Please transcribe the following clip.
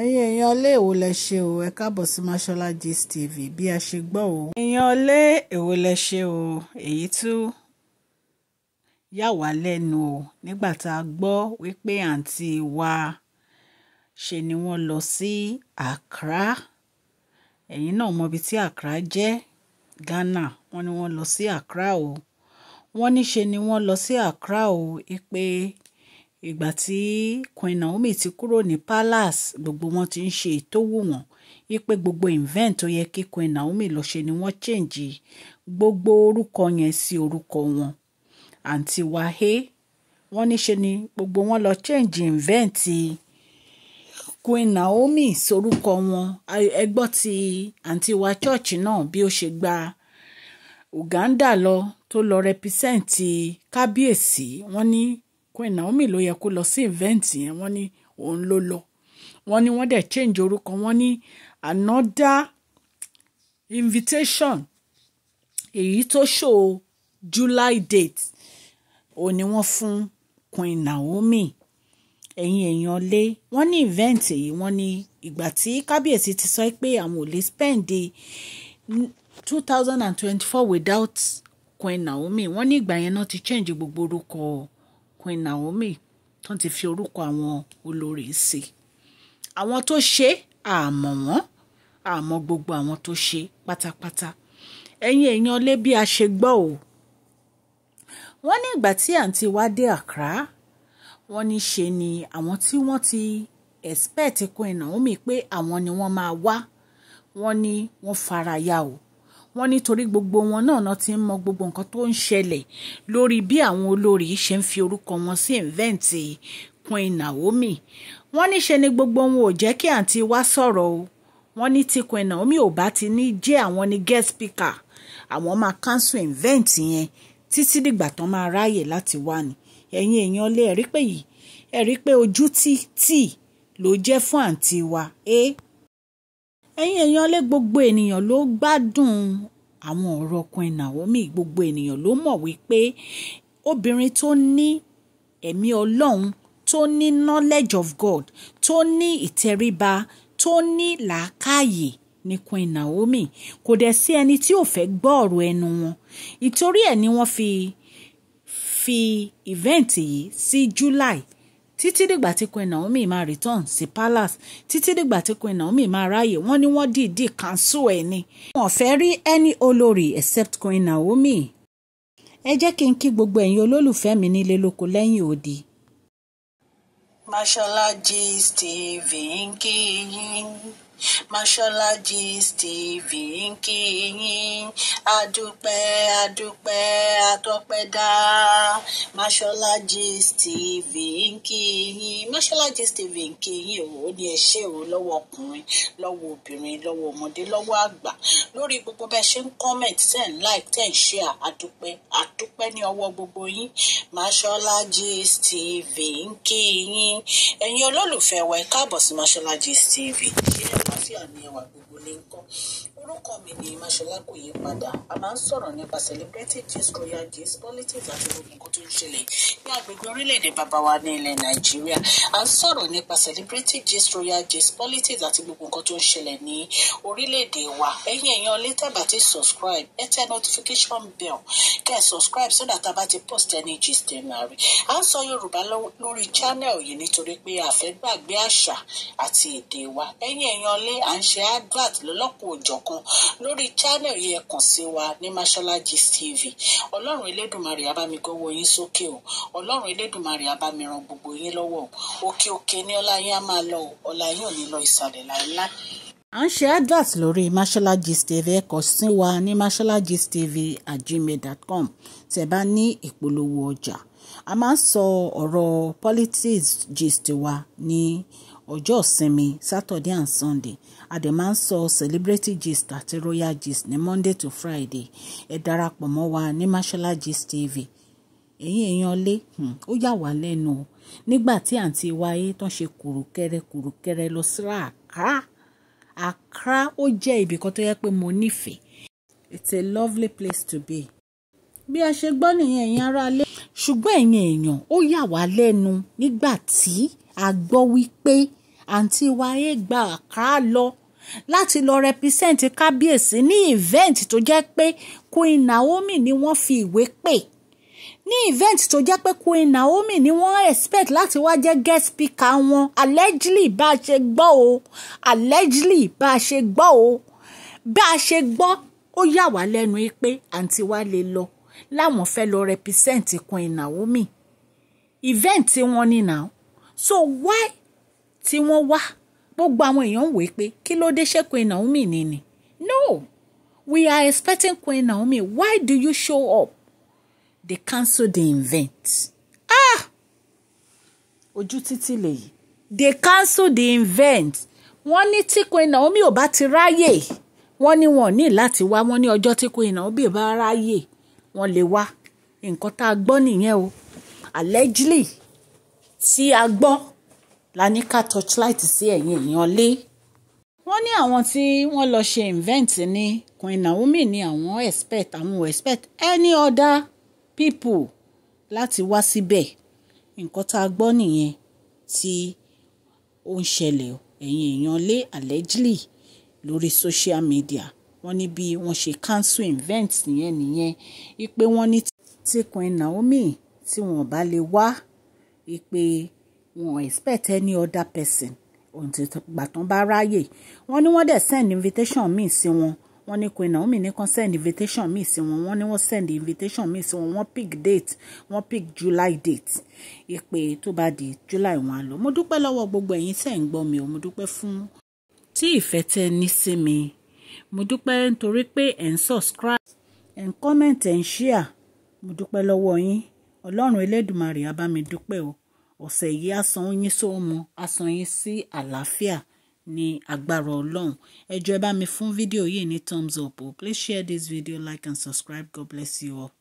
ẹ̀yin èèyàn ilé èwo lẹ ṣe o ẹ káàbọ̀ sí Mashola Gist TV bí a ṣe gbọ́ o. èèyàn ilé èwo lẹ ṣe o èyí tún yà wá lẹ́nu o nígbà tá a gbọ́ wípé àǹtí wa ṣe ni wọ́n lọ sí Accra ẹ̀yin náà mọbi tí Accra jẹ́ Ghana wọ́n ní wọ́n lọ sí Accra o wọ́n níṣe ni wọ́n lọ sí Accra o ipe ìgbà tí Queen Naomi ti kúrò ní palace gbogbo wọn ti ń ṣe ètò wù wọn wípé gbogbo event tó yẹ kí Queen Naomi lọ ṣe ni wọ́n change gbogbo orúkọ yẹn sí orúkọ wọn àǹtí wáhé wọ́n níṣe ni gbogbo wọn lọ change event Queen Naomi sorúkọ wọn ẹgbọ́n ti àǹtí wa chọ́ọ̀chì náà bí ó ṣe gba Uganda lọ tó lọ rẹpísẹ́ǹtì kábíyèsí wọ́n ní Queen Naomi ló yẹ kó lọ sí event yẹn wọ́n ní òun ló lọ wọ́n ní wọ́n dẹ̀ change orúkọ wọ́n ní another invitation èyí tó ṣò July date òun ni wọ́n fún Queen Naomi ẹ̀yin èèyàn lé wọ́n ní event èyí wọ́n ní ìgbà tí kábíyèsí ti sọ pé àwọn ò lè spend two thousand and twenty-four without Queen Naomi wọ́n ní ìgbà yẹn náà ti change gbogbo orúkọ ọ̀ Queen Naomi tán ti fi orúkọ àwọn olórí sí i àwọn tó ṣe àmọ́ wọn àmọ́ gbogbo àwọn tó ṣe pátápátá ẹ̀yin èèyàn lé bí a ṣe gbọ́ o wọ́n ní ìgbà tí àǹtí wá dé Accra wọ́n ní ṣe ni àwọn tí wọ́n ti expect Queen Naomi pé àwọn ni wọ́n máa wá wọ́n ní wọ́n fara ya o wọ́n nítorí gbogbo wọn náà náà ti ń mọ gbogbo nǹkan tó ń ṣẹlẹ̀ lórí bí àwọn olórí ṣe ń fi orúkọ wọn sí ìnvẹ́ǹtì Queen Naomi wọ́n níṣe ni gbogbo wọn ò jẹ́ kí àǹtí wa sọ̀rọ̀ o wọ́n ní tí Queen Naomi ò bá ti ní jẹ́ àwọn ní guest speaker àwọn máa cancel event yẹn títí dìgbà tán máa ráàyè láti wá ni ẹ̀yin èèyàn lé ẹ̀rí pé yìí ẹ̀rí pé ojú tí tí ló jẹ́ fún àǹtí wa ẹ́. Eh? ẹ̀yin èèyàn lé gbogbo ènìyàn ló gbádùn àwọn ọ̀rọ̀ Queen Naomi gbogbo ènìyàn ló mọ̀ wípé obìnrin tó ní ẹ̀mí ọlọ́run tó ní knowledge of God tó ní ìtẹríba tó ní làákàyè ní Queen Naomi kò dẹ̀ sí ẹni tí ò fẹ́ gbọ́ ọ̀rọ̀ ẹnu wọn ìtorí ẹ̀ ni wọ́n fi fi ìvẹ́ǹtì yìí sí July títí dìgbà tí Queen Naomi máa return sí palace títí dìgbà tí Queen Naomi máa ráàyè wọ́n ní wọ́n dìídì kánṣu ẹ̀ ni. wọ́n fẹ́ rí ẹni olórí except Queen Naomi. ẹ jẹ́ kí n kí gbogbo ẹ̀yin olólùfẹ́ mi nílé lóko lẹ́yìn odi. Mashola Gist TV Mashola Gist TV ń kí yín adúpẹ́ adúpẹ́ atọ́pẹ́dá Mashola Gist TV ń kí yín Mashola Gist TV ń kí yín o ní ẹ ṣé o lọ́wọ́ ọkùnrin lọ́wọ́ obìnrin lọ́wọ́ ọmọdé lọ́wọ́ àgbà lórí gbogbo bẹ́ẹ̀ ṣe ń comment ten like ten share adúpẹ́ adúpẹ́ ní ọwọ́ gbogbo yín Mashola Gist TV ń kí yín ẹ̀yin wa ẹ káàbọ̀ sí Mashola Gist àlàáfíà ni ẹwà gbogbo ní ń orúkọ mi ni Máṣọlá kò yí padà a máa ń sọ̀rọ̀ nípa celebrity gist royal gist politics àti gbogbo nǹkan tó ń ṣẹlẹ̀ ní agbègbè orílẹ̀-èdè bàbá wa ní ilẹ̀ Nàìjíríà a ń sọ̀rọ̀ nípa celebrity gist royal gist politics àti gbogbo nǹkan tó ń ṣẹlẹ̀ ní orílẹ̀-èdè wa ẹ̀yin èèyàn létẹ̀bà ti subscribe ẹ tẹ notification bell kẹ́ ẹ subscribe sódà tá a ti post ẹni gist ẹ̀ máa rí a ń sọ Yorùbá lórí channel yìí nítorí pé a fẹ́ gbàgbé àṣà àti èdè wa ẹ̀yin èèyàn lé à ń ṣe advert lọ́lọ́kùn òjọ̀kan kan lórí channel yìí ẹ kàn sí wa ní mashola gist tv ọlọ́run elédùnmarè abami yín sókè o ọlọ́run elédùnmarè abami gbogbo yín lọ́wọ́ òkè òkè ní ọlá á máa lọ o ò ní lọ ìsàlẹ̀ láéláé à ń ṣe advert lórí mashola tv ẹ sí wa ní mashola tv at gmail dot com tẹ́ bá ní ìpolówó ọjà a máa ń sọ ọ̀rọ̀ politics gist wa ní ọjọ́ ìsinmi saturday and sunday a dẹ̀ máa ń sọ celebrity gist àti royal gist ní monday to friday ẹ darapọ̀ mọ́ wa ní mashola gist tv ẹ̀yin èèyàn lé hmm, ó yà wá lẹ́nu nígbà tí àǹtí wáyé tán ṣe kùrùkẹrẹ kùrùkẹrẹ lọ síra àkàrà àkàrà ó jẹ́ ibìkan tó yẹ pé mo nífẹ̀ẹ́ it's a lovely place to be bí a ṣe gbọ́ nìyẹn ẹ̀yin ará lé ṣùgbọ́n ẹ̀yin èèyàn ó yà wá lẹ́nu nígbà tí a gbọ́ wípé àǹtí wa Egba Accra lọ láti lọ represent kábíyèsí ní event tó jẹ́ pé Queen Naomi ni wọ́n fi ìwé pè ní event tó jẹ́ pé Queen Naomi ni wọ́n expect láti wá jẹ́ guest speaker wọn allegedly bá a ṣe gbọ́ o allegedly bá a ṣe gbọ́ o bá a ṣe gbọ́ ó yà wá lẹ́nu pé àǹtí wa lè lọ láwọn fẹ́ lọ represent Queen Naomi event wọn ni now so why tí wọ́n wá gbogbo àwọn èèyàn ń wèé pé kí ló dé ṣé Queen Naomi ni ni no we are expecting Queen Naomi why do you show up they cancel the event ah ojú títí lèyí they cancel the event wọ́n ní tí Queen Naomi ò bá ti ráyè wọ́n ní wọn ò ní láti wá wọ́n ní ọjọ́ tí Queen Naomi bá ráyè wọ́n lè wá nǹkan tá a gbọ́ nìyẹn o allegedly tí a gbọ́ la ní ká torchlight sí ẹ̀yìn èèyàn lé. wọ́n ní àwọn tí wọ́n lọ ṣe invent ní Queen Naomi ní àwọn expect àwọn expect any other people láti wá síbẹ̀ nǹkan tá a gbọ́ nìyẹn tí ó ń ṣẹlẹ̀ ẹ̀yìn èèyàn lé allegedly lórí social media wọ́n ní bí wọ́n ṣe cancel event yẹn nìyẹn ipe wọ́n ní tí Queen Naomi tí wọ́n bá lè wá ipe wọn expect any other person ìgbà tán bá ráyè wọn ní wọn dẹ̀ send invitation míì sí wọn wọn ní Queen Naomi ní kan send invitation míì sí wọn wọn ní wọn send invitation míì sí wọn wọn pick date wọn pick July date ìpè tó bá di July wọn lọ mo dúpẹ́ lọ́wọ́ gbogbo ẹ̀yin tẹ́ ń gbọ́ mi o mo dúpẹ́ fún tí ìfẹ́ tẹ́ ní sí mi mo dúpẹ́ nítorí pé ẹ̀ ń subscribe ẹ̀ ń comment ẹ̀ ń share mo dúpẹ́ lọ́wọ́ yín ọlọ́run elédùmarè á bá o ọ̀sẹ̀ yìí á san yín sóòmù á san yín sí àlàáfíà ní agbára ọlọ́run ẹ ẹ bá mi fún fídíò yìí ní thumbs up o please share this video like and subscribe god bless you all.